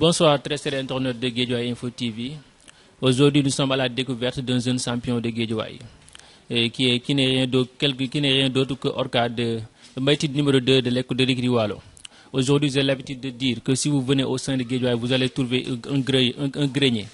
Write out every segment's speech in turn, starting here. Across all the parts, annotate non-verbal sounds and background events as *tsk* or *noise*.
Bonsoir, très chers internautes de Guédiouaï Info TV. Aujourd'hui, nous sommes à la découverte d'un jeune champion de Guédiouaï, qui, n'est rien d'autre, que Orca de Maïtid numéro 2 de l'école de Wallo. Aujourd'hui, j'ai l'habitude de dire que si vous venez au sein de Guédiouaï, vous allez trouver un, grenier.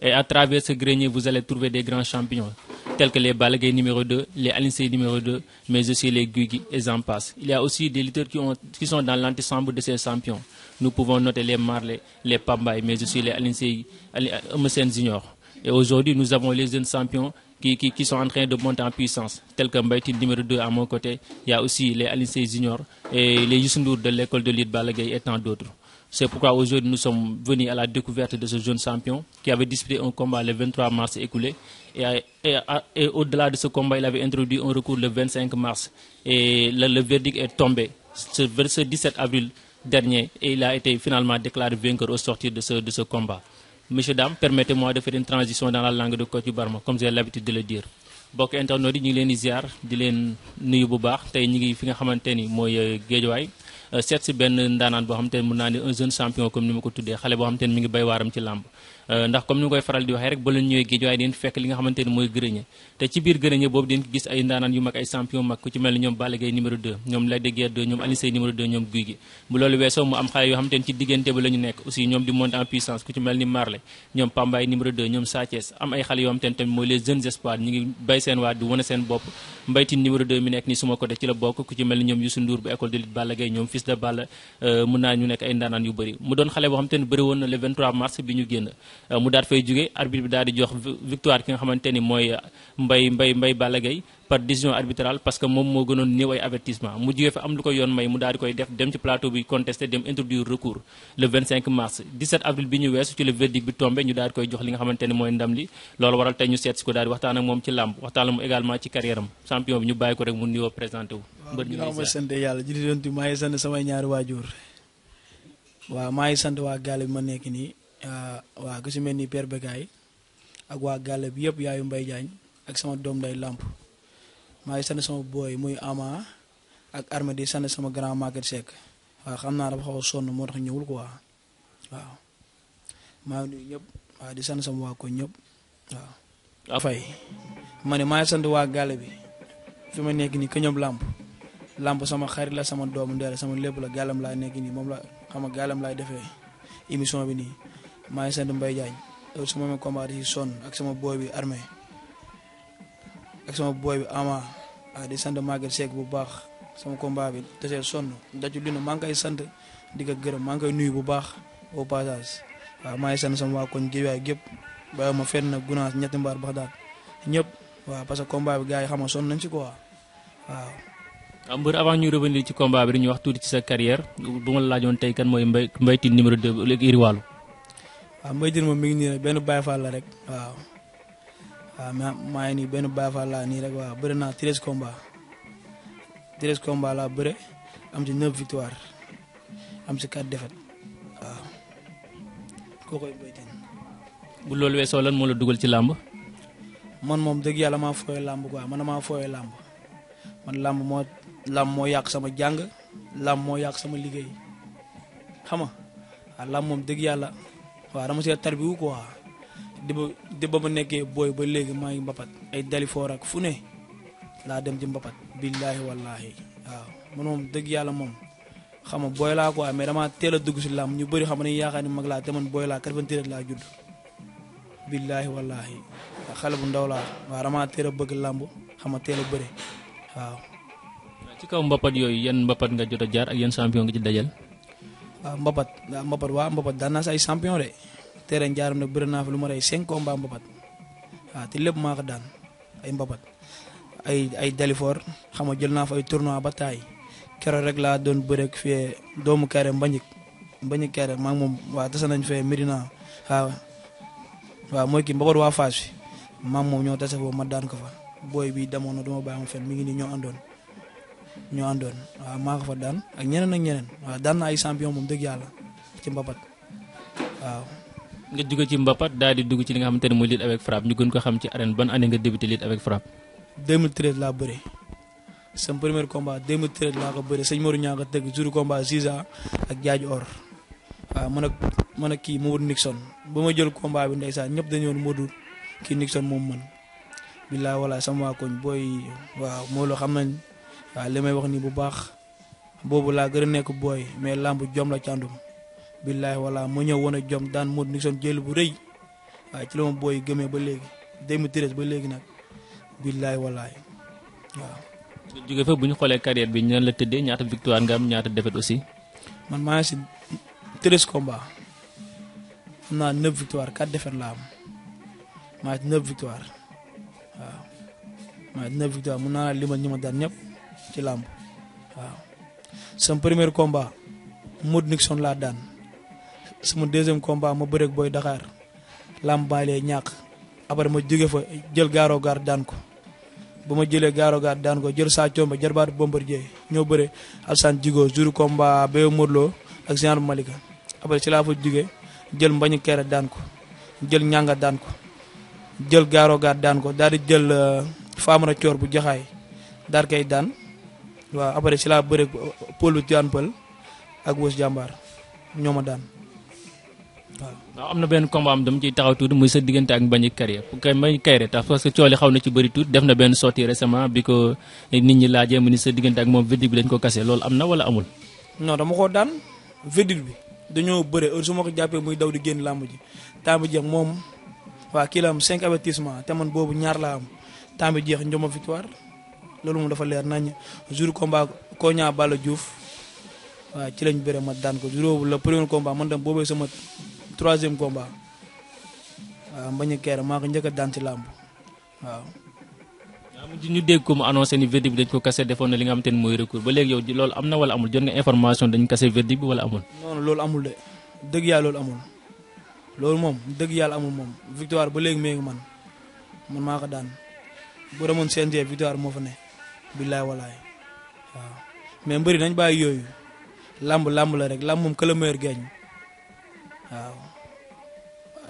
Et à travers ce grenier, vous allez trouver des grands champions, tels que les Balgué numéro 2, les Alinsé numéro 2, mais aussi les Guigui et Zampas. Il y a aussi des lutteurs qui, sont dans l'antichambre de ces champions. Nous pouvons noter les Marley, les Pambay, mais aussi les Alinsei, les euh, Junior. Et aujourd'hui, nous avons les jeunes champions qui, qui, qui, sont en train de monter en puissance, tels que Mbaiti, numéro 2 à mon côté. Il y a aussi les Alinsei Junior et les Yusundur de l'école de l'île Balagay et tant d'autres. C'est pourquoi aujourd'hui nous sommes venus à la découverte de ce jeune champion qui avait disputé un combat le 23 mars écoulé. Et, et, au-delà de ce combat, il avait introduit un recours le 25 mars. Et le, verdict est tombé. Ce, ce 17 avril, dernier et il a été finalement déclaré vainqueur au sortir de ce, de ce combat. Monsieur Dame, permettez-moi de faire une transition dans la langue de Côte du Barma, comme j'ai l'habitude de le dire. Bok internautes yi ñu ngi leen di ziar di leen nuyu bu baax tey ñu ngi fi nga xamante ni mooy euh, géejuwaay ben euh, si benn ndaanaan boo xamante un jeune champion comme ni ko tuddee xale boo xamante mi ngi bay ci Euh, ndax comme ni nga koy faral di waxee rek ba leen ñëwee géejuwaay deen fekk li nga xamante mooy gërëñe te ci biir gërëñe boobu deen gis ay ndaanaan yu mag ay champion mag ku ci mel ni ñoom Balla Gaye numéro 2 ñoom Lac am ay xale yoo xamante ni tamit mooy les jeunes espoirs ñu ngi bay seen waat di wane seen bopp mbaytin numéro 2 mi nekk ni suma côté ci la bokk ku ci mel ni ñoom Youssou Ndour bu école de lutte Balla Gaye ñoom fils de Balla euh, mun naa ñu Euh, mu daal fay jóge arbitre bi daal jox victoire ki nga xamante ni mooy euh, Mbaye Mbaye Mbaye Balla par décision arbitrale parce que moom moo gënoon néew avertissement mu jógee fa am lu ko yoon may mu daal koy def dem ci plateau bi contesté dem introduire recours le 25 mars 17 avril bi ñu weesu ci le verdict bi tombé ñu daal koy jox li nga xamante ni mooy ndam li loolu waral tey ñu seet si ko daal waxtaan ak moom ci làmb waxtaan ak moom également ci carrière Euh, waa ku si mel ni Père Becaye ak waa gàlle bi yëpp yaayu mbay Diagne ak sama doom day làmp maa ngi sant sama booy muy Ama ak armé di sant sama grand market sec waaw xam naa dafa xaw sonn moo tax ñëwul quoi waaw maa ngi ñëpp waaw di sant sama waa ko ñëpp waaw. afay ma ne maa ngi sant waa gàlle bi su ma nekk nii këñëb làmp làmp sama xarit la sama doom ndey la sama lépp la gàllam laa nekk nii moom la xam nga gàllam laay defee émission bi nii. maa ngi sant Mbaye Diagne heure su ma amee combat di sonn ak sama boy bi armée ak sama boy bi ama ah di sant Maguette Seck bu baax sama combat bi desee sonn daju li maa ngi koy sant di ko gërëm maa ngi koy nuyu bu baax au passage waaw maa ngi sant sama waa koñ Guèye gépp bàyyi ma fenn gunaas ñetti mbaar bax daal ñëpp waaw parce que combat bi gars yi xam nga sonn nañ ci quoi waaw. Ah, mbër avant ñu revenir ci combat bi dañuy wax tuuti ci sa carrière bu ma la laajoon tey kan mooy Mbaye Mbaye Tine numéro 2 léegi Iri Waalo waaw mbay jën moom mi ngi nii rek benn Baye Fall rek waaw waaw maa ngi nii benn Baye Fall nii rek waaw bëri naa treize combats treize combats laa bëre am ci neuf victoire am ci quatre défaites waaw kookoy Mbaye Jën bu loolu weesoo lan moo la dugal ci làmb man moom dëgg yàlla maa fooyee làmb quoi man maa fooyee làmb man làmb moo làmb moo sama jàng làmb moo yàq sama liggéey xam nga làmb moom dëgg yàlla waaw dama tarbi tarbiwu quoi di ba di ba ma nekkee booy ba léegi maa ngi mbapat ay dalifoor ak fu ne laa dem ci mbapat billahi wallahi waaw man moom dëgg yàlla moom xam nga booy laa quoi mais dama teel a dugg si làmb ñu bëri xam ne yaakaar ni mag laa te man booy laa 93 laa judd billaahi wallaahi xale bu ndaw laa waaw dama teel a bëgg làmb xam teel a bëre waaw ci kaw mbapat yooyu yan mbapat nga jot a jaar ak yan champion mbapat mbapat mbapat daan naa ay de tere njaar nag bëri naa fi lu ma rey cinq lépp maa ko daan ay mbapat ay xam nga jël naa fa ay tournoi ba taay keroog rek laa doon bëreeg doomu kere mbañik mbañik kere maa ngi nañ fee mooy kii mbapat waa Fass fi maa moom ñoo tase foofu ma daan ko fa booy bi demoon na du ma mi ngi nii ñoo àndoon ñoo àndoon waaw maa ay champion moom dëgg yàlla ci mbapat waaw nga jóge ci Mbapat daal di dugg ci li nga xamante ne mooy lutte avec frappe ñu gën ko xam ci arène ban année nga débuté lutte avec frappe. laa bëri sama premier combat 2013 laa ko bëri sëñ Morou tëgg jour combat ak Diadji Or waaw man ak man ak kii Modou Nixon ba ma jël combat bi ndeysaan ñëpp dañu woon du kii Nixon moom man billaay wala sama waa koñ booy waaw moo loo xam nañ waa li may wax nii bu baax boobu laa gën a nekk booy mais làmb jom la càndum billahi wala mo ñew wona jom daan mod nixon jël bu reuy wa ci lama boy gëmé ba légui tires ba légui nak billahi wallahi waaw jóge fa buñu xolé carrière bi ñan la tëddé ñaata victoire nga am ñaata défaite aussi man ma ci tires combat na 9 victoire 4 défaite la am ma ci 9 victoire wa ma 9 victoire mu na la limal ñima daan ñep ci lamb wa son premier combat mod nixon la daan sama deuxième combat ma bëreeg booy Dakar lam baalee ñàkk après ma jóge fa jël gaaro gaar daan ko ba ma jëlee gaaroo gaar daan ko jël saa coomba jarbaatu Bombardier ñoo bëre Alsane Djigo jour combat Béyo Modlo ak Géant Malika après ci laa fa jóge jël mbañu kere daan ko jël ñànga daan ko jël gaaro gaar daan ko daal di jël euh, faamara coor bu jaxaay daal koy daan waaw après ci laa bëre pël bu Tivaouane Peulh ak wës jàmbaar ñoo daan waaw am na benn combat am dama ciy taxaw tuuti muy sa diggante ak Mbagnick Kairé Mbagnick Kairé tax parce que xaw na ci bëri tuuti def na benn sortie récemment bi ko nit ñi laajee mu ni sa diggante ak moom verdict bi lañ ko kase loolu am na wala amul non dama ko daan verdict bi dañoo bëre heure su ma ko jàppee muy daw di génn làmb ji temps bi jeex moom waa kii la am cinq avertissement te man boobu ñaar laa am temps bi jeex njoma victoire loolu moom dafa leer nañ jour combat Koña Balla Diouf waaw ci lañ bëre ma daan ko juróobu la premier combat man tam boobee sama troisième combat waaw Mbañu Kéré maa ko njëkk a daan ci làmb waaw. waaw mujj ñu dégg ko mu annoncé ni verdict bi dañ ko kase defoon na li nga xamante ni mooy recours ba léegi yow loolu am na wala amul jot nga information dañ kase verdict bi loolu dëgg yàlla loolu loolu moom dëgg yàlla amul moom victoire ba léegi mee ngi man man maa ko daan bu demoon CNG victoire moo fa ne billaay walaay waaw mais mbëri nañ bàyyi yooyu làmb làmb la rek làmb moom que le waaw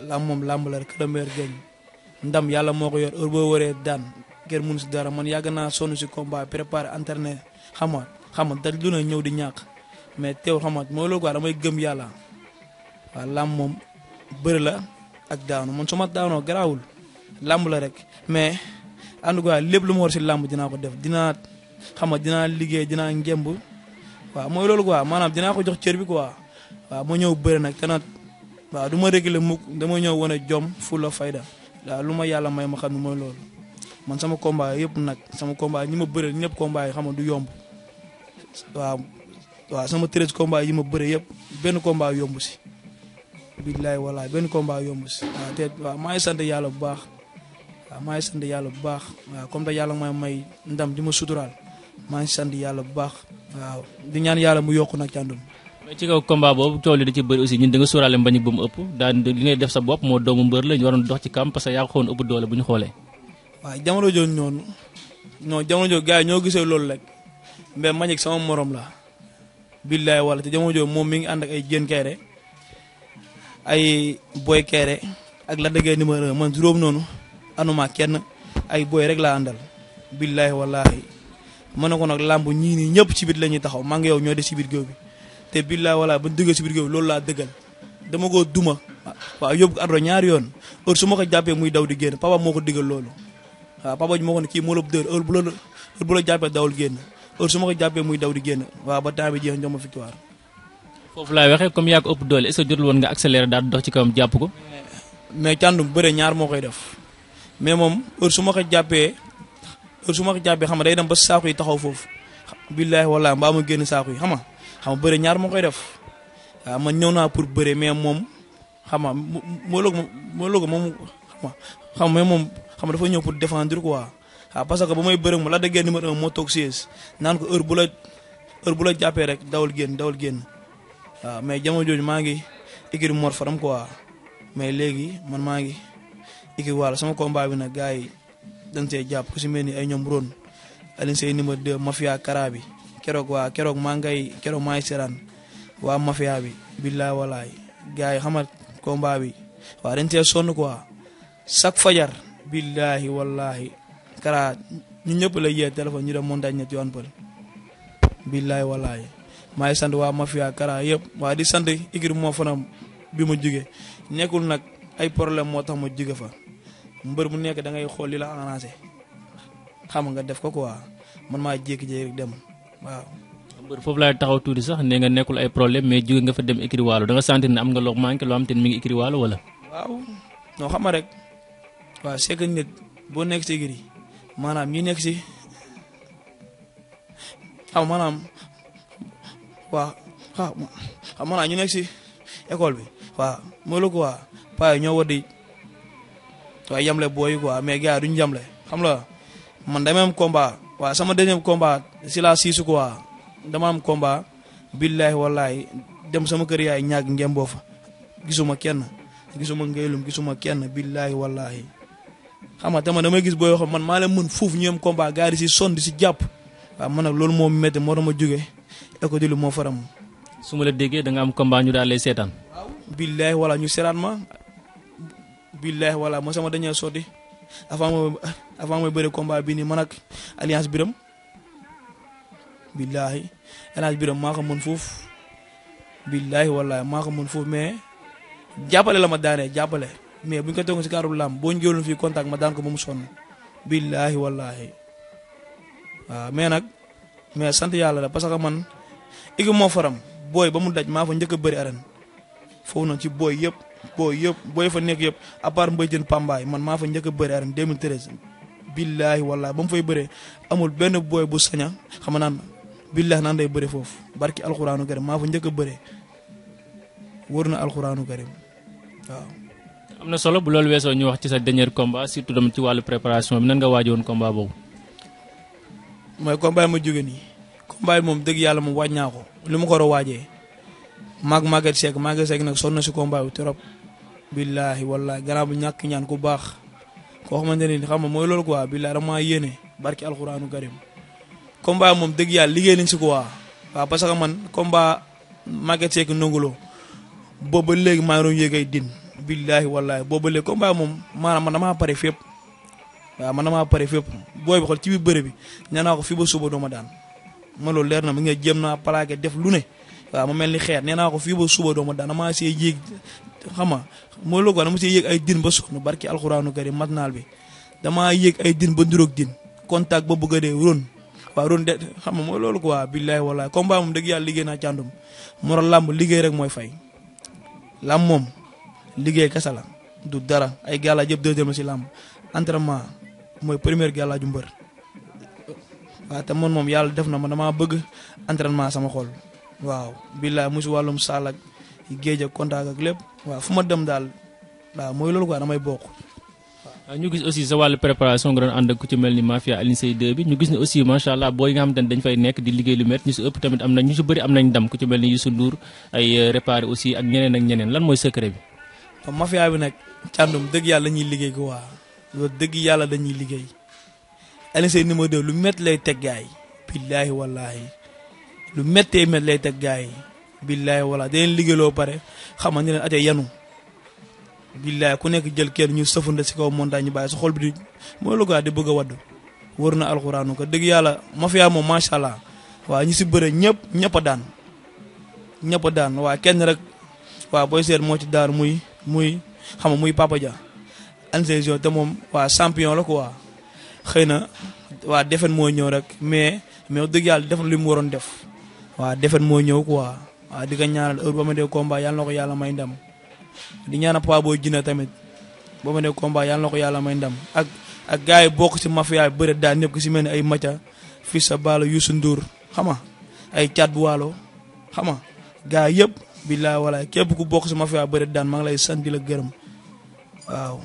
làmb moom làmb la rek remer gañ ndam yàlla moo ko yor heure boo waree daan kenn si dara man yàgg naa sonn si combat préparé entraîné xamaat xamaat da lu na ñëw di ñàkk mais teew xamaat mooy loolu quoi damay gëm yàlla waaw làmb moom bëri la ak daanu man su ma daanoo garaawul làmb la rek mais en tout cas lépp lu ma war si làmb dinaa ko def dinaa xama dinaa liggéey dinaa ngemb waaw mooy loolu quoi maanaam dinaa ko jox cër bi quoi waaw ma ñëw bëri nag te nag waaw du ma réglé mukk dama ñëw wane jom fula fayda waaw lu ma yàlla may ma xam ne mooy loolu man sama combat yëpp nag sama combat ñi ma bëreel ñëpp combat yi xam nga du yomb sama treize combat yi ma bëre yëpp benn combat yomb si billaay walaay benn combat yomb si maa ngi sant yàlla bu baax waaw maa ngi sant yàlla bu baax waaw comme te yàlla may may ndam di ma suturaal maa ngi sant yàlla bu baax waaw di ñaan yàlla mu yokk nag càndum mais ci kaw combat bobu coow li da ci beur aussi ñun da nga sóoraale mbañ bu mu ëpp daan li ngay def sa bop mo doomu mbeur la ñu waron dox ci kam parce que ya xoon ëpp doole bu ñu xoolee waaw jamono joon ñoon non jamono joo gaay ñoo gisee lool rek mais mañik sama morom la billahi wala te jamono joo mom mi ngi and ak ay jeen kéré ay boy kéré ak la dëggee numéro man juroom nonu anuma kenn ay boy rek la andal billahi wallahi manako nak lamb ñi làmb ñepp ci bit la taxaw ma nga yow ñoo de ci bit geew te billaa wala ba duggee si biir géew loolu laa dëggal dama koo duma waaw yóbbu ko ardo ñaari yoon heure su ma ko jàppee muy daw di génn papa moo ko diggal loolu waaw papa ji moo ko ne kii moo la bu la heure bu dawul génn heure su ma ko muy daw di génn waaw ba temps bi jeex jox ma victoire foofu laay waxee comme yaa ko ëpp doole est ce que jotul woon nga accéléré daal dox ci jàpp ko mais càndum bëre ñaar moo koy def mais moom su ma ko jàppee su ma jàppee xam nga day dem ba saako yi taxaw foofu billaahi wallaahi mbaa ma génn saako yi xam xam beure ñaar mo koy def ma ah, man ñëw pour beure mais mom xam mo Modou Lo Modou Lo moom xam mais mom xam dafa ñew pour défendre quoi waaw ah, parce que bu may bëre la dégué numéro 1 mo tok siès nan ko heure bu la heure bu la jappé rek dawul genn dawul genn ah mais jamo jooju ma ngi ikir mor faram quoi mais légui man ma ngi ikir wala sama combat bi nag gaay dañ see japp ku ci melni ay ñom ron Alioune sey numéro 2 mafia karabi keroog wa keroog maa ngay keroog maa wa seeraan mafia bi billaay walaay gay yi xamal combat bi waa dañ tee quoi sak fajar billahi wallahi kara ñu ñëpp la yee téléphone ñu dem montagne ñetti yoon pël billahi wallahi maa ngi sant mafia kara yëpp wa di sant igir mo fanam bi ma jóge nekkul ay problème mo tax mo fa mbër mu nekk da ngay xool li la xam nga def ko quoi man ma jek jek rek dem waaw. mbër foofu laay taxaw tuuti sax ne nga nekkul ay problème mais jóge nga fa dem écurie Waalo da nga sentir ne am nga loo manqué loo xam te ne mi ngi écurie Waalo wala. waaw non xam nga rek waaw nekk si écurie maanaam ñi nekk si ah maanaam waaw ñu nekk si école bi waaw mooy la quoi paa yi ñoo war di waaye yamle booy yi quoi mais gars yi duñ yamle xam la man damay am wa sama deuxième combat si la siisu quoi dama am combat billahi wallahi dem sama keur yaay ñag ngemboo bofa gisuma kenn gisuma ngeelum gisuma kenn billahi wallahi xama dama dama gis boy xam man maa leen mën fouf ñu am combat gaari ci son di si jàpp waaw man nag lool moo metti mo dama juggé eko di lu faram suma la déggé da nga am combat ñu lay billahi wala ñu sétane ma billahi wala mo sama avant mooy avant mooy bëri combat bii nii man ak alliance biram billaahi alliance biram maa ko mën foofu billaahi wallaahi maa ko mën foofu mais jàppale la ma daanee jàppale mais bu ñu ko toogoon si kàddu laam boo ñu jëloon fii contact ma daan ko ba mu billaahi wallaahi waaw mais nag mais sant yàlla la parce que man équipe moo faram booy ba mu daj maa fa njëkk a bëri arène foofu noonu ci booy yëpp. booy yëpp booy fa nekk yëpp à part Mbaye Pambaay man maa fa njëkk a bëri arène 2013 billaahi wallaahi ba mu fay bëree amul benn booy bu saña xam naan billaahi naan day bëri foofu barki alxuraanu karim maa fa njëkk a bëree wër na alxuraanu karim waaw. am na solo bu loolu weesoo ñu wax ci sa dernier combat surtout dama ci wàllu préparation bi nan nga waajoon combat boobu. mooy combat ma jógee nii. combat yi moom dëgg yàlla moom waaj naa ko li ma ko war Mak Maguette Seck Maguette Seck nak sonna ci combat bi trop. billahi wallahi gannaaw ñak ñaan ku bax ko xamanteni xam ma moy loolu quoi billahi dama yene barki alquranu karim combat mom deug yalla liggéey nañ ci quoi wa parce que man combat Maguette Seck nongulo bobu leg ma ron yegay din billahi wallahi bobu ba combat mom man man damaa paré fep wa man dama paré fep boy bi xol ci bi beure bi ñana ko fi ba suba do ma daan ma leer na ma nga jëm na plaqué def lu ne waaw mu mel ni xeer nee naa ko fii ba suba doomu daan damaa see yéeg xam nga mooy loolu ko dama yéeg ay din ba sonn barki alxuraanu karim matnaal bi damaa yéeg ay din ba nduróog din contact ba bëgg a dee ron waaw ron de xam nga mooy loolu quoi billahi wallahi combat moom dëgg yàlla liggéey naa càndum moo tax làmb liggéey rek mooy fay làmb moom liggéey kasa la du dara ay gàllaaj yëpp deuxième la si làmb entraînement mooy première gàllaaju mbër waaw te man moom yàlla def na ma damaa bëgg entraînement sama xol waaw billaay mu si wàllum saal ak géej ak contact ak lépp waaw fu ma dem daal waaw mooy loolu quoi damay bokk. ñu gis aussi sa wàll préparation nga doon ànd ak ku ci mel ni mafia Alioune Seye 2 bi ñu gis ne aussi macha allah boo yi nga xam te ne dañ fay nekk di liggéey lu métti ñu si ëpp tamit am na ñu si bëri am nañ ndam ku ci mel ni Youssou Ndour ay euh, réparé aussi ak ñeneen ak ñeneen lan mooy secret bi. kon mafia bi nag càndum dëgg yàlla dañuy liggéey ko waa dëgg yàlla dañuy liggéey Alioune Seye numéro 2 lu lay teg gaay billaahi wallaahi lu méttee mét lay teg gars yi billaay wala daneen liggéeyloo pare xama ni leen ate yanu billaay ku nekk jël kenn ñu sëfande si kaw montagne ñu bàyyi sa xol bi di mooy lu gaa di bëgg a wadd wër na alxuraanu ko dëgg yàlla mafia moom macha allah waa ñu si bëre ñëpp ñëpp a daan waa kenn rek waa booy moo ci daar muy muy xam muy Papa Dia Anzeizo te moom waa champion la quoi xëy na waa defen moo ñëw rek mais mais dëgg yàlla def na li mu waroon def wa defet mo ñew quoi wa di ko ñaanal heure bama ma combat yalla nako yalla may ndam di ñaan pa bo jina tamit bama ma combat yalla nako yalla may ndam ak ak gaay bok ci mafia bi da daal ko ci melni ay matcha fi sa Balla Youssou Ndour xama ay Thiat bu walo xama gaay yeb billahi wala kep ku bok ci mafia bëri daan ma ngi lay sant di la gërem waaw.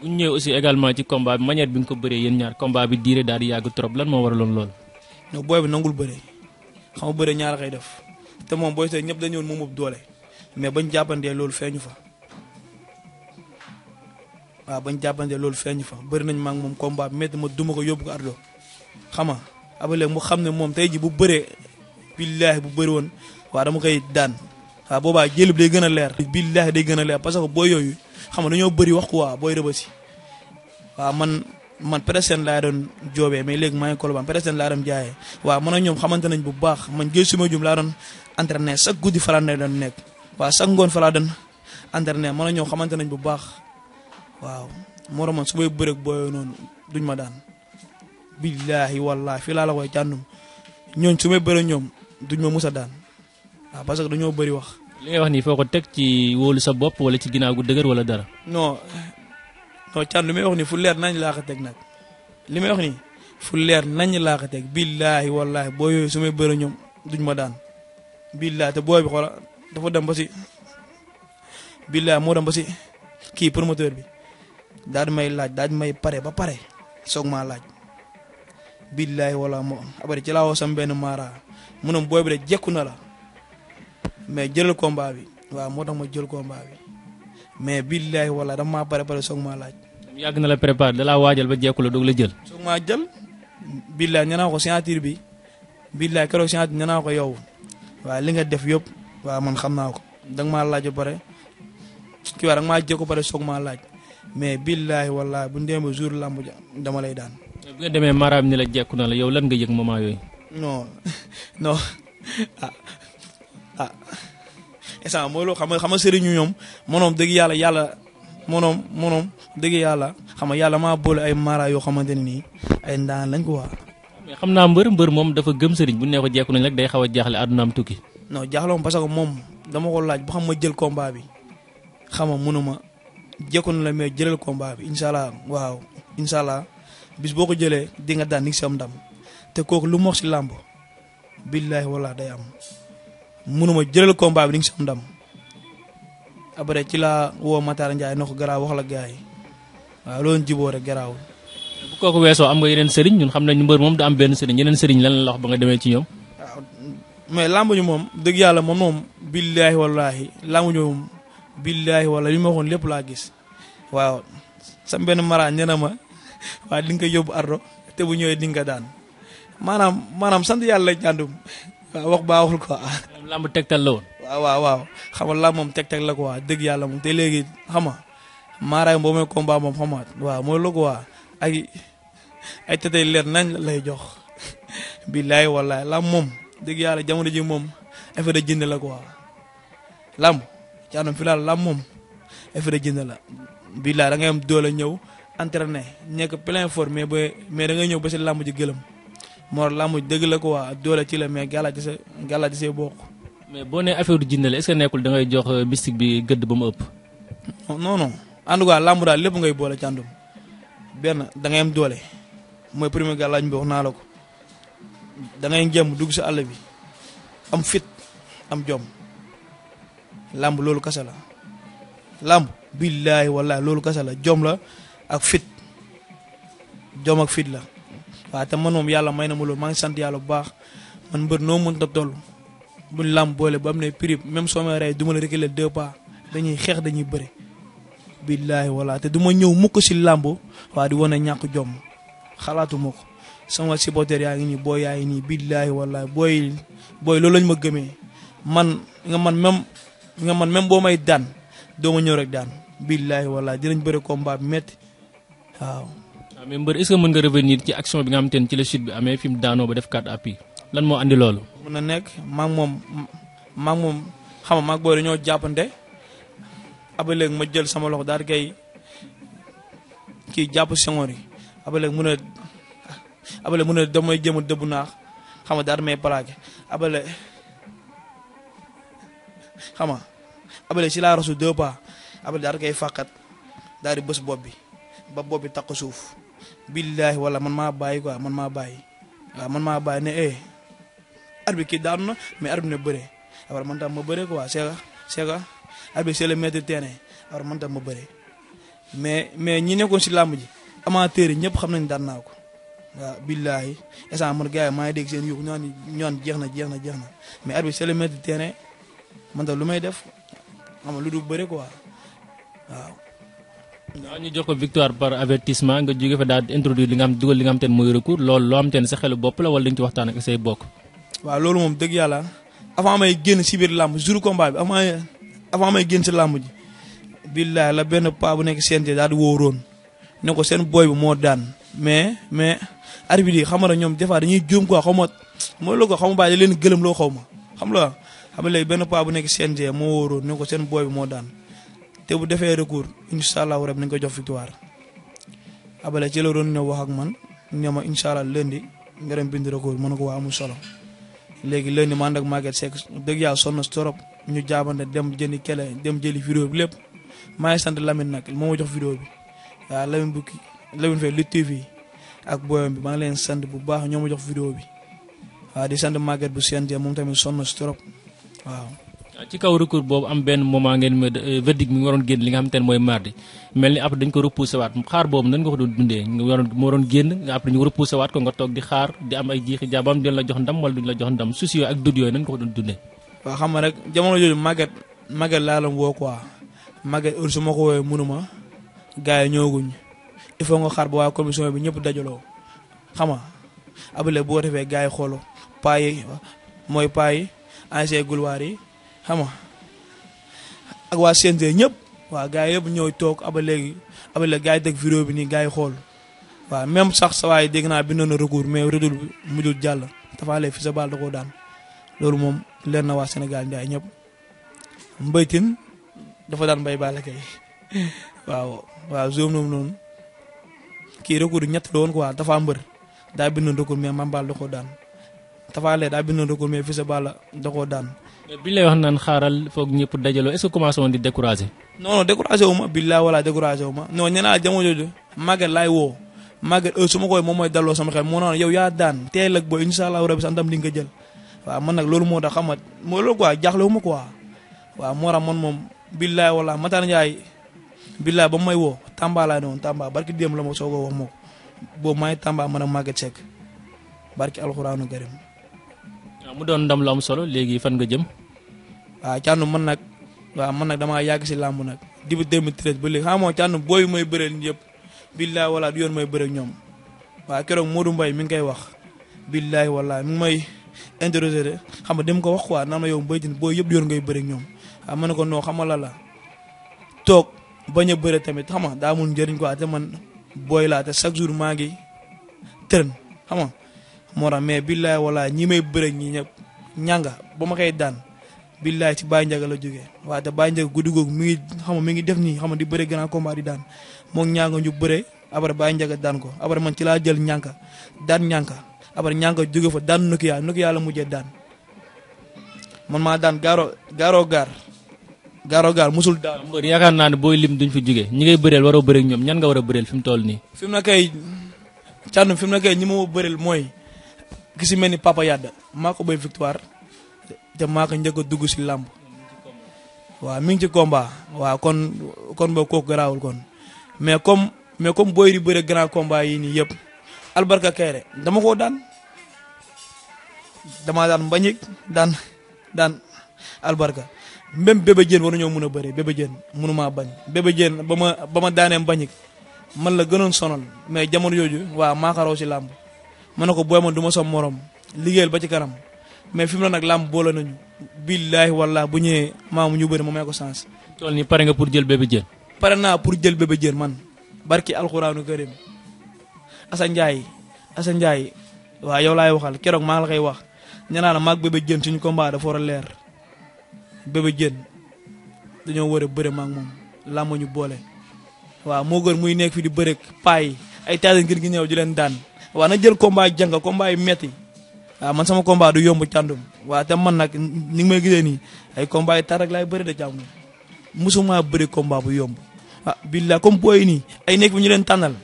bu ñew aussi également ci combat bi manière bi ko beure yeen ñaar combat bi diire daal trop lan mo waralon lool. no boy bi nangul beure xam nga bëre ñaar koy def te moom booy tey ñëpp dañu woon moom doole mais bañ jàppandee loolu feeñu fa waaw bañ jàppandee loolu feeñu fa bari nañ maag moom combat métti ma duma ko yóbbu ko ardo xam nga abalee mu xam ne moom tey ji bu bëree billaahi bu bëri woon waa dama koy daan waaw boobaa jëlib day gën a leer billaahi day gën a leer parce que booy yooyu xam nga dañoo bëri wax ko quoi booy rëbësi waaw man man président la don joobee mais léegi may ko ban président la ram jaay wa man ñom ñoom nañ bu baax man gey suma jum la don entraîner sa goudi fala ne don nek wa sa ngon fala don entraîner entraîné ñom ak nañ bu baax waaw moro man su may bëreeg non noonu duñ ma daan billahi wallahi fi la la koy jannum ñoon su may bëreeg duñ ma musa daan wa parce que dañoo bëri wax. li wax ni foko tek ci wolu sa bop wala ci ginaagu deugar wala dara. non non Thiam li may wax nii fu leer nañ laax ko teg nag li may wax nii fu leer nañ laa ko teg billaahi wallaahi boo yooyu su may bëre ñoom duñ ma daan billaahi te booy bi xoola dafa dem ba si billaahi moo dem kii promoteur bi daal di may laaj daal may pare ba pare soog maa laaj billaahi wallaahi moo am ci laa woo benn maara mu booy bi de jekku na la mais jëlal combat bi waaw moo tax ma jël combat bi. mais billaahi wala dama maa pare pare soog maa laaj. yàgg na la préparé da laa waajal ba jekku la doog la jël. soog ma jël billaahi ñanaa ko signature bi billaahi keroog signature ñanaa ko yow waaw li nga def yëpp waa man xam naa ko danga maa laaj ba pare kii waa danga maa jekku pare soog maa laaj mais billaahi wala bu ñu demee ba jour làmb dama lay daan. bu nga demee maraam ni la jekku na la yow lan nga yëg moment yooyu. non *laughs* ah. ah. instant moy lo, xam nga xam nga sëriñ monom ñoom monoom dëgg monom monom, monom, monoom dëgg yàlla xam yalla ma maa ay mara yo xamanteni ni ay ndaan lañ ko waa mais xam mbeur mbër mbër dafa gëm sëriñ bu neexu jekku nañ rek day xawa jaxlé jaaxle àddunaam tukki non jaaxloom parce que mom dama ko laaj bu xam ma jël combat bi xama nga mënuma jekku na la me jëlal combat bi inshallah waaw bis boko jëlé di nga daan ni si ndam te kooku lu mox ci billahi wala day am mënuma jëlal combat bi di nga si am ndam après ci laa woo Matar njaay na ko garaaw wax la gars yi waaw loolu jiboo rek garaaw. bu kooku weesoo am nga yeneen sëriñ ñun xam nañ mbër moom du am benn sëriñ yeneen sëriñ lan la wax ba nga demee ci ñoom. waaw mais làmb ñu moom dëgg yàlla moom moom billaahi wallaahi làmb ñu moom billaahi wallaahi li ma waxoon lépp laa gis waaw sam benn mara nee ma *laughs* waaye di nga koy yóbbu ardo te bu ñëwee di nga daan maanaam maanaam sant waaw wax baaxul quoi. lamb tegtal la woon. waaw waaw waaw xam nga lamb teg tegtal la quoi dëgg yàlla moom te léegi xam nga maaraay boo may combat moom xam waaw mooy loolu quoi ay ay tëtay leer nañ lay jox. billaay wallaay lamb moom dëgg yàlla jamono ji moom effet de jënd la quoi lamb ci anam fi moom effet de jënd la. billaay da ngay am doole ñëw entraîné nekk plein forme mais ba mais da ngay ñëw ba si lamb ji gëlëm. Mor Lamouj dëgg la ko waa doole ci la mais gàllaaj sa gàllaaj see bokk. mais boo ne affaire jinne la est-ce nekkul da ngay jox euh, mystique bi gëdd ba mu ëpp. noonu non en tout cas làmb daal lépp ngay boole càndum da ngay doole mooy premier gàllaaj bi naa la ko da ngay jëm dugg si àll bi am fit am jom làmb loolu kasa la làmb billaahi wallaahi loolu kasa la jom la ak fit jom ak fit la. waaw te man moom yàlla may na ma loolu maa ngi sant yàlla bu baax man mbër noo mënut a toll buñ làmb boole ba am ne prix même soo may rey du la reculer deux pas dañuy xeex dañuy bëre. billaahi wala te du ñëw mukk si làmb waa di wane ñàkk jomm xalaatu ma ko sama yaa ngi nii booy yaa ngi nii billaahi wallaahi booy booy loolu lañ ma gëmee man nga man même man même boo may daan doo ma ñëw rek daan billaahi wallaahi dinañ bëri combat bu métti waaw. Member est ce que mën nga revenir ci action bi nga ten, ci le sud bi amé fim daano ba def 4 api lan mo andi lolu mën na nek mak mom mak mom xam mak boy dañu jappante abalek ma jël sama loxo dar gay ki japp sengori abalek mëna abalek mëna damay jëm debu nax xam dar may plaqué abalek xama abalek ci la rasul deux pas abalek dar gay fakat dari bëss bobbi ba bobbi takku suuf billaahi wala man maa bàyyi quoi man maa bàyyi waaw man maa bàyyi ne eh arbitre kii daanu na mais arbitre na bëre man ma bëre quoi c'est que c'est que arbitre c'est le man tam ma bëre mais mais ñi nekkoon si làmb ji amateur yi ñëpp xam nañ daan naa ko waaw billaahi instant man gars yi maa ngi dégg seen yóbbu ñoon ñoon jeex na jeex na jeex na mais arbitre c'est le maître man tam lu may def xam lu du bëre quoi waaw waaw ñu jox ko victoire par avertissement nga jóge fa daal introduire li nga xam dugal li nga xam te ne mooy recours loolu loo xam te ne sa xelu bopp la wala li nga ci waxtaan ak say bokk. waaw loolu moom dëgg yàlla avant may génn si biir làmb jour combat bi avant avant génn si làmb ji. billaay la benn paa bu nekk CNG daal di wóoroon ne ko seen boy bi moo daan mais mais arbitre yi xam nga ñoom des fois dañuy juum quoi xaw ma mooy la ko xaw ma bàyyi leen gëlëm loo xaw ma xam la xam nga léegi benn paa bu nekk CNG moo wóoroon ne ko seen boy bi moo daan. te bu defee recours incha allah rab nañ ko jox victoire abale ci la doon ñëw wax ak man ne ma incha allah lundi nga dem bind recours mën ko waa amul solo léegi lundi ma ànd ak Maguette Seck dëgg yàlla sonn na torop ñu jaabante dem jëndi kele dem jëli vidéo bi lépp maa ngi sant Lamine nag moo ma jox vidéo bi waaw Lamine bukki Lamine Faye Lutte TV ak booyam bi maa ngi leen sant bu baax ñoo ma jox vidéo bi waaw di sant Maguette bu CNG moom tamit sonn na torop waaw. ci kaw recours boobu am benn moment ngeen ma euh, verdict mi waroon génn li nga xam ne mooy mardi mel ni après dañ ko repousser waat xaar boobu nan nga ko doon dundee nga waroon mo waroon génn nga après ñu repousser waat ko nga toog di xaar di am ay jiixi jaabaam dina la jox ndam wala duñ la jox ndam souci yooyu ak dud yooyu nan nga ko doon dundee waaw xam rek jamono jooju magat màggat laa lam woo quoi màggat heure su ma ko munuma gars yi ñëwaguñ il faut nga xaar ba waa commission bi ñëpp dajaloo xam nga abule boo defee gars yi xoolu paa yi mooy paa yi yi xam nga ak waa CNG ñëpp waaw gars yi yëpp ñooy toog aba léegi aba léegi gars yi teg vidéo bi nii gars yi xool waaw même sax sa waay naa bindoon na recours mais retour bi mujjul jàll dafa lay fi baal da daan loolu moom leen na waa senegal njaay ñëpp mbaytin dafa daan mbay baale kay *laughs* waaw waaw zoom noonu noonu kii recours yi ñett la woon quoi mbër daa bindoon recours mais mam baal da koo daan daa bindoon recours mais fi sa baal bi lay wax naan xaaral foog ñëpp dajaloo est-ce que commencé woon di découragé. non non découragé wu ma billaa wala découragé wu ma non ñu naan jamono jooju laay woo màgget heure su ma koy moom mooy daloo sama xel moo yow yaa daan teel ak booy incha allahu rabi sa ndam li nga man nag loolu moo tax xam nga mooy loolu quoi jaaxle ma quoi waaw moo tax man moom billaa wala Matar ba may woo Tamba Tamba barki la ma soog a woo moom Tamba man ak màgget Seck barki alxuraanu karim mu doon ndam lu am solo léegi fan nga jëm. waaw Thiandoum man nag waaw man nag damaa yàgg si làmb nag dibu 2013 ba léegi xam nga Thiandoum booy mooy bëreel yëpp billaay wala du yoon mooy bëre ñoom waaw keroog Modou Mbaye mi ngi koy wax billaay wala mi ngi may interroger xam nga dem ko wax quoi naan ma yow baytin booy yëpp du yoon ngay bëre ñoom waaw ma ne ko non xam nga la la toog bañ tamit xam nga njëriñ quoi man booy laa te chaque jour maa ngi tërën xam nga moo tax mais billaay wala ñii may bëre ñi ñëpp ñànga ba ma koy daan billahi ci Baye Ndiaga la joge wa da Baye Ndiaga guddi mi xam mi ngi def ni xam di beure grand combat di dan mo ñanga ñu beure abar Baye Ndiaga dan ko abar man ci la jël ñanka dan ñanka abar ñànka joge fa dan nukiya nukiya la mujjé dan, man ma garo garo garo garo garo gar musul dan. mbër yaakaar naa ne lim duñ fi joge ñi ngay beurel waro bëreeg ñom ñan nga war beurel fim toll ni fim na kay cànn fim na kay ñi mo beurel moy papa yadda mako bay victoire te maa ko njëkk a dugg si làmb waaw mi ngi ci combat waaw kon kon ba kooku garaawul kon mais comme mais comme booy di bëre grand combat yi nii yëpp albarka kere dama koo daan damaa daan mbañik daan daan albarka mbem bébé jeen waruñoo mun a bëre bébé jeen mënumaa bañ bébé jeen ba ma ba ma daanee mbañik man la gënoon sonal mais jamono jooju waaw si làmb ma ne ko booy ma du ma sa morom liggéeyal ba ci kanam mais fi mu lamb boole nañu billahi wallah bu ñewé maamu ñu bëri mo may ko sens. tol ni paré nga pour jël bébé jël paré na pour jël bébé jël man barki alcorane karim Assane Ndiaye Assane Ndiaye wa yow lay waxal kérok ma la koy wax ñana la mag bébé jën suñu combat da fora lèr bébé jël dañu war bëre maag lamb ñu bolé wa mo gën muy nekk fi di bërek pay ay taal ngir gi ñew di len daan wa na jël combat jang combat yi metti waaw ah, man sama combat du yomb càndum waa te man nag ni ngi may gisee nii ay combat yi tar rek laay bëri de càndum mosuma bëri komba bu yomb ah billah comme booy nii ay nekk bi ñu leen tànnal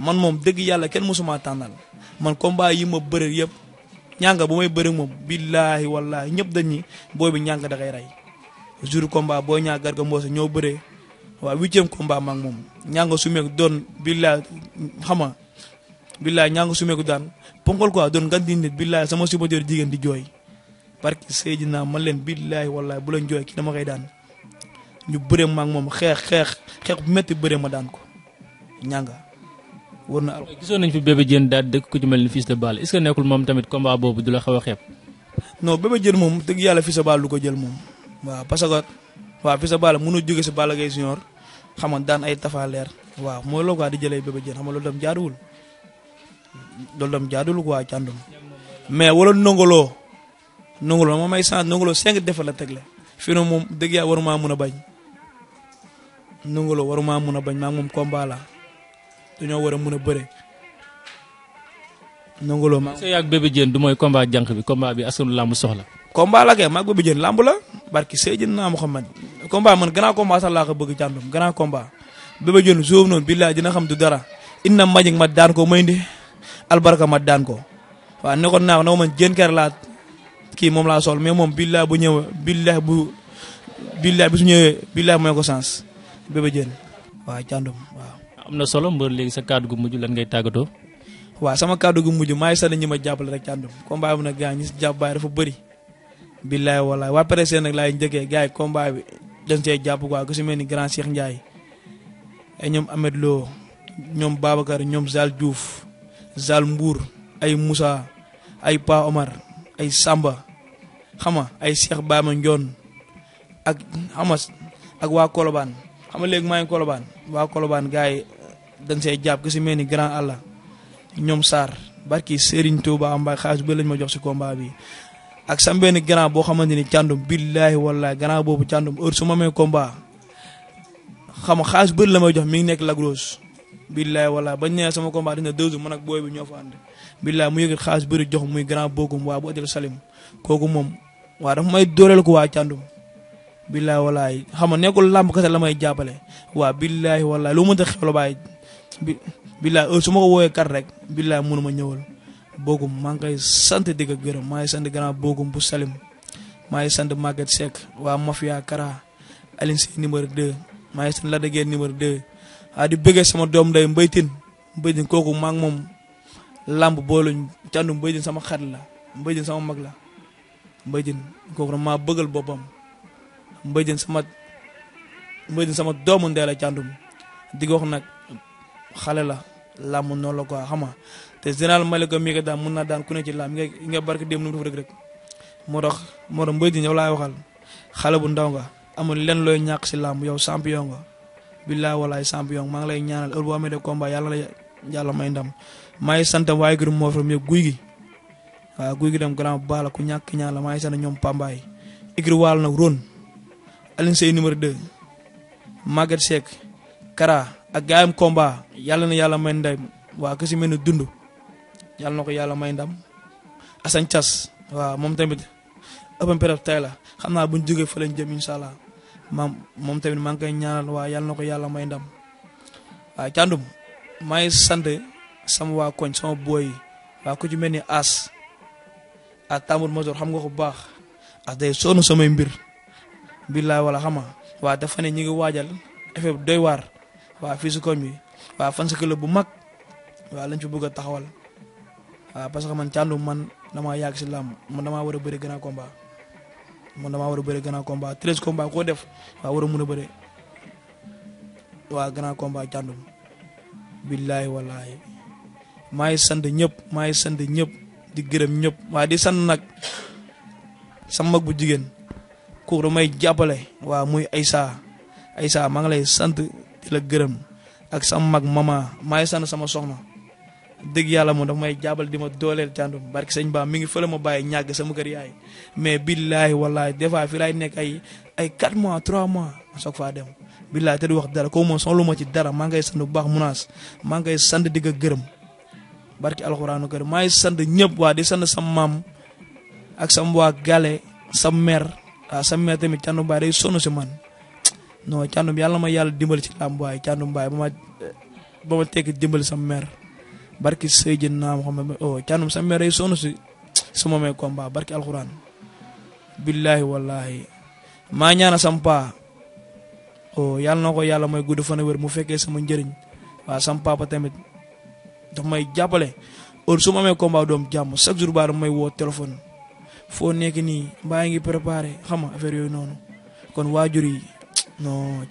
man moom dëgg yàlla kenn mosuma tànnal man combat yi ma bëri yëpp ñànga bu may bëri moom billaahi wallaahi ñëpp dañ ñi booy bi ñànga da koy rey jour combat booy ñaa garga mboose ñoo bëree waaw huitième combat maag moom ñànga sumeeku doon billaahi xama billaahi ñànga sumeeku daan ponkol adon gandi gandinde billahi sama suba jor digen di jooy barke Seydina man len billahi wallahi bu len joy ki dama kay dan ñu bëre ma ak mom xex xex xex bu metti bëre ma dan ko ñanga warna al gisoon nañ fi bébé jeen daal dekk ku ci melni fils de balle est ce nekul mom tamit combat bobu dula xawa xép non bébé jeen mom deug yalla fils de balle du ko jël mom wa parce que wa fils de balle mënu jóge ci balle gay junior xamant daan ay tafa leer waaw mooy loo di jëlé bébé jeen xam lo dem jaarul loolu dam jaadul ko ci àndum mais wala nongoloo nongoloo moom may sens nongoloo cinq defa la tegle fii noonu moom dëgg yaa waru maa mun a bañ nongoloo waru maa mun a bañ maa moom combat dañoo war a mun a bëre nongoloo ma. sey ak bébé jën du mooy combat jànq bi combat bi askanu làmb soxla. combat la kay maag bébé jën làmb la barki Seydina Muhammad combat man grand combat sax laa ko bëgg càndum grand combat bébé jën suuf noonu billaay dina xam du dara inna mañik ma daan ko may ndi albarka ma dan ko wa ne ko na man jeen ker la ki mom la sol mais mom billah bu ñew billah bu billah bu su ñëwee billah moy ko sens bebe jeen wa jandum wa amna solo mbeur legi sa gu muju lan ngay tagato wa sama kadu gu muju may sa ni ma jappal rek jandum combat bu na gaa ñi dafa beuri billaay wallaay wa pressé nak lay njëkkee gaay combat bi dañ see japp quoi ko si melni grand Cheikh ndjay ay ñom Ahmed Lo Zal Diouf Zalmbour ay Moussa ay Pa Omar ay Samba xama ay Cheikh Bama Ndion ak hamas ak wa koloban xama leg may koloban wa koloban gay dañ Grand Allah ñom sar, barki Serigne Touba amba xaalis be lañ ma jox si combat bi ak sam benn grand bo xamanteni ni billahi wallahi grand bobu càndum heure su ma amee combat xam nga xaalis bëri jox mi ngi la grosse billaay wala bañ nee sama combat dina deux jours man ak booy bi ñoo fa ànd billaay mu yëkkat xaalis bëri jox muy grand bogum waa bu adil salim kooku moom waa dafa may dooleel ko waa càndum billaay walaay xam nga nekkul làmb lamay la jàppale waa billaay walaay lu mënta xew la bàyyi bi billaay heure su ma ko woowee kat rek billaay mënu ma ñëwal bogum maa ngi koy sant di ko gërëm maa ngi sant grand bogum bu salim maa ngi sant Maguette Seck waa Mafia Kara Aline Sey numéro 2 maa ngi di bege sama dom day mbeytin mbaytin koku mak mom moom lamb booluñ candu mbaytin sama xat la mbaytin sama mag la mbaytin koku ma beugal bopam boppam sama mbaytin sama dom ndey la candum di gox nak xale la lamb no la ko xama te general Malika mi ga da mun na dan ku ne ci lamb nga nga barke dem nu mu def rek rek mo dox moo tax mbaytin yow laay waxal xale bu ndaw nga amul len loy ñak ci lamb yow champion nga billah wala champion mang lay ñaanal heure boo amee de combat yalla la yalla may ndam may sante way waaye mo moo fi guuy gi wa guuy gi dem grand baax ku ñak ñaan la may ñom Igri wal Ron alin sey numéro 2 magat sek Kara ak gaayam combat yalla na yalla may ndam wa kasi si dundu yalla nako yalla may ndam asan tias wa mom tamit ëppam tay la xamna buñ fa lañ jëm inshallah ma mom tamit ma ngi koy ñaanal waa yàlla na ko yàlla may ndam waaye càndum may ngi sant sama waa koñ sama booy waa ku ci mel as ak tambour motor xam nga ko baax as day sonn samay mbir billaay wala xama waa dafa ne ñi ngi waajal effet doy waar waa fii si koñ bi waa fan bu mag waa lañ ci bëgg a taxawal waaw parce que man càndum man dama yàgg si làmb man dama war a bëri combat man damaa war a bëri grand combat treize combat koo def waa war a mun a bëri waa grand combat càndum billaahi wallaahi maa ngi sant ñëpp maa ngi sant ñëpp di gërëm ñëpp waa di sant nag sama mag bu jigéen kooku damay jàppale waa muy Aïssa Aïssa maa ngi lay sant di la gërëm ak sama mag mama maa ngi sant sama soxna deug yalla mo dama may jabal dima dolel dooleel càndum barke Ba mi ngi fële mo baye ñag sama kër yaay mais billahi wallahi des fois fi lay nek ay ay 4 mois 3 mois sok fa dem billahi te du wax dara kooku moom sonlu ma ci dara ma ngay sant bax munas ma ngay sant diga geureum gërëm barke alxuraanu kër maa ngi sant ñëpp waa di sant sa mam ak sam wa galé sam mer waaw mer tamit tanu ba day sonu ci man non càndum yalla ma yalla dimbal ci làmb waay càndum baay ba ma ba ma tekki dimbali sa mère barki Seydina Muhammad o oh, canum samme rey sonu si suma may combat barki alxuraan billahi wallahi maa ñaana sampa o oh, yàlla na ko yàlla may gudd fan wér mu fekkee sama njëriñ waaw sam papa tamit daf may jàppale heure su ma amee combat doom jàmm chaque jour may woo téléphone foo nekk nii mbaa ngi préparé xam nga affaire yooyu noonu kon waajur yi *tsk* non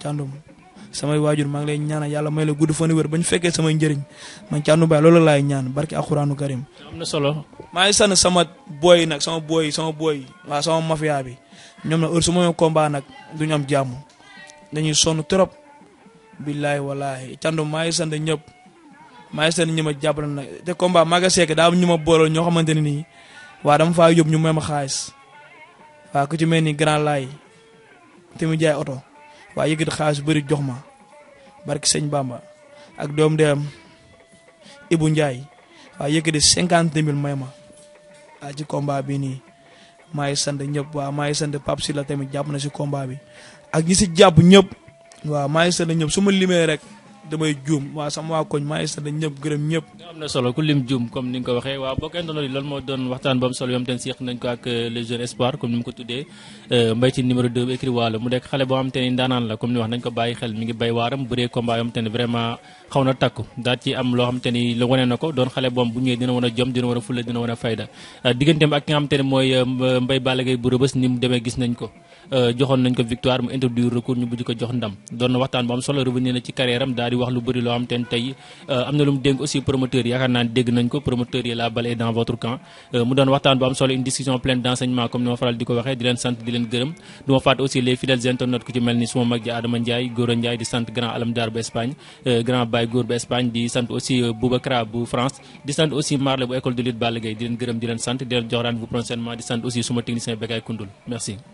samay waajur maa ngi lay ñaanal yàlla may la gudd fan wér ba ñu fekkee sama njëriñ man Thierno Baye loolu laay ñaan barki alxuraanu karim. am na solo. maa ngi sama booy nag sama booy sama booy waaw sama mafia bi ñoom nag heure su ma combat nag du ñu jàmm dañuy sonn trop. billaay walaay Thierno maa ngi ñëpp maa ngi sant ñi ma jàppale nag te combat maa ngi seeg daa am ñu ma booloo ñoo xamante ne nii waa dama faa yóbbu ñu may ma xaalis waa ku ci mel ni grand laay te mu jaay oto. waa waaye yëkkati xaalis bëri jox ma barki sëñ Bamba ak doom deem Ibou waa waaye yëkkati cinquante mille may ma waa ci combat bi nii maa ngi sant ñëpp waaw maa ngi sant Pape Sylla tamit jàpp na si combat bi ak ñi si jàpp ñëpp waaw maa ngi sant ñëpp su ma limee rek. damay juum waa sama waa koñ maa ngi sant ñëpp gërëm ñëpp. am na solo ku lim juum comme ni nga ko waxee waaw bokk nañu loolu moo doon waxtaan ba solo yom ten seq nañ ko ak euh, les jeunes espoir comme ni mu ko tuddee euh, Mbaye Tine numéro 2 écrit waalo mu nekk xale boo xam te ni ndaanaan la comme ni wax nañ vraiment xaw na takku daal ci am loo xam te ni la wane na ko doon xale boom bu ñëwee dina wan jom dina wan fulla dina wan euh, a ko Euh, joxoon nañ ko victoire mu introduire recours ñu mujj ko jox ndam doon na waxtaan bu am solo revenir na ci carrière am daal di wax lu bëri loo xam te ne tey euh, am na lu mu dénk aussi promoteur yi yaakaar naa dégg nañ ko promoteur yi la balle est dans votre camp euh, mu doon waxtaan bu am solo une discussion pleine d'enseignement comme ni ma faral di ko waxee di leen sant di leen gërëm du ma aussi les fidèles internautes ku ci mel ni suma mag ji Adama Ndiaye Gora